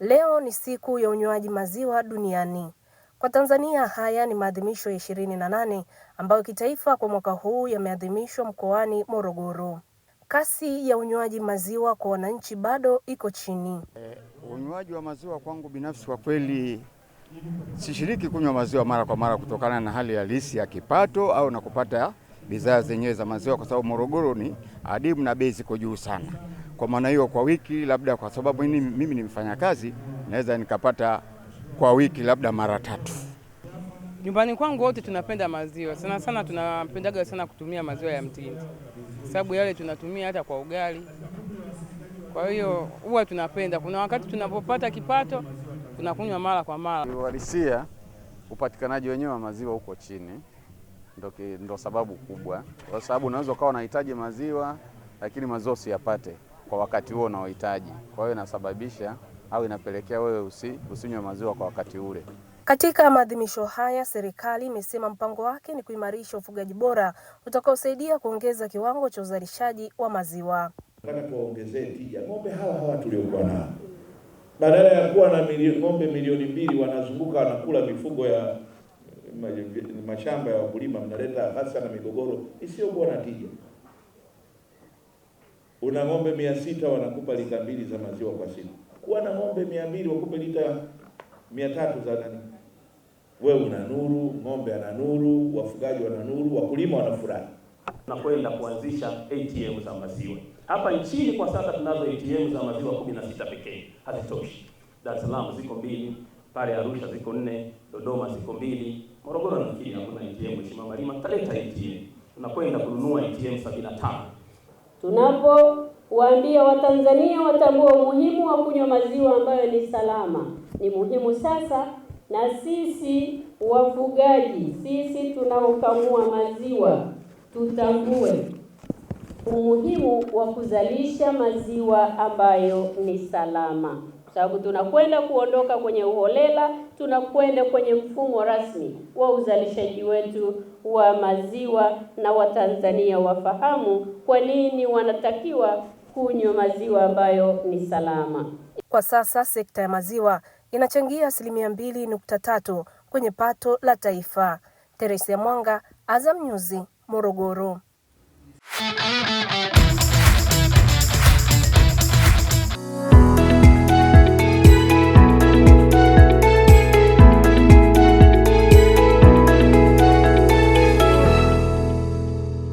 Leo ni siku ya unywaji maziwa duniani. Kwa Tanzania haya ni maadhimisho ya ishirini na nane ambayo kitaifa kwa mwaka huu yameadhimishwa mkoani Morogoro. Kasi ya unywaji maziwa kwa wananchi bado iko chini. E, unywaji wa maziwa kwangu binafsi kwa kweli sishiriki kunywa maziwa mara kwa mara kutokana na hali halisi ya kipato au na kupata bidhaa zenyewe za maziwa, kwa sababu Morogoro ni adimu na bei ziko juu sana. Kwa maana hiyo, kwa wiki labda, kwa sababu mimi ni mfanyakazi, naweza nikapata kwa wiki labda mara tatu. Nyumbani kwangu wote tunapenda maziwa sana sana, tunapendaga sana kutumia maziwa ya mtindi, sababu yale tunatumia hata kwa ugali. Kwa hiyo huwa tunapenda, kuna wakati tunapopata kipato tunakunywa mara kwa mara. Uhalisia upatikanaji wenyewe wa maziwa huko chini ndo, ndo sababu kubwa, kwa sababu unaweza ukawa unahitaji maziwa lakini maziwa usiyapate kwa wakati huo unaohitaji. Kwa hiyo inasababisha au inapelekea wewe usi, usinywe maziwa kwa wakati ule. Katika maadhimisho haya, serikali imesema mpango wake ni kuimarisha ufugaji bora utakaosaidia kuongeza kiwango cha uzalishaji wa maziwa. Tuwaongezee tija ng'ombe hawa hawa tuliokuwa nao, badala ya kuwa na ng'ombe milioni mbili wanazunguka wanakula mifugo ya mashamba ya wakulima, mnaleta hasa na migogoro isiyokuwa na tija. Una ng'ombe mia sita wanakupa lita mbili za maziwa kwa siku, kuwa na ng'ombe mia mbili wakupe lita mia tatu za nani? Wewe una nuru, ng'ombe ana nuru, wafugaji wana nuru, wakulima wanafurahi. Nakwenda kuanzisha ATM za maziwa hapa nchini. Kwa sasa tunazo ATM za maziwa 16 pekee, hazitoshi. Dar es Salaam ziko mbili, pale Arusha ziko nne, Dodoma ziko mbili Morogoro nafikiri hakuna ATM. Mheshimiwa Malima taleta ATM, tunakwenda kununua ATM sabini tunapowaambia Watanzania watambue umuhimu wa kunywa maziwa ambayo ni salama. Ni muhimu sasa na sisi wafugaji, sisi tunaokamua maziwa tutambue umuhimu wa kuzalisha maziwa ambayo ni salama sababu tunakwenda kuondoka kwenye uholela, tunakwenda kwenye mfumo rasmi wa uzalishaji wetu wa maziwa, na Watanzania wafahamu kwa nini wanatakiwa kunywa maziwa ambayo ni salama. Kwa sasa sekta ya maziwa inachangia asilimia mbili nukta tatu kwenye pato la taifa. Teresia Mwanga, Azam News, Morogoro.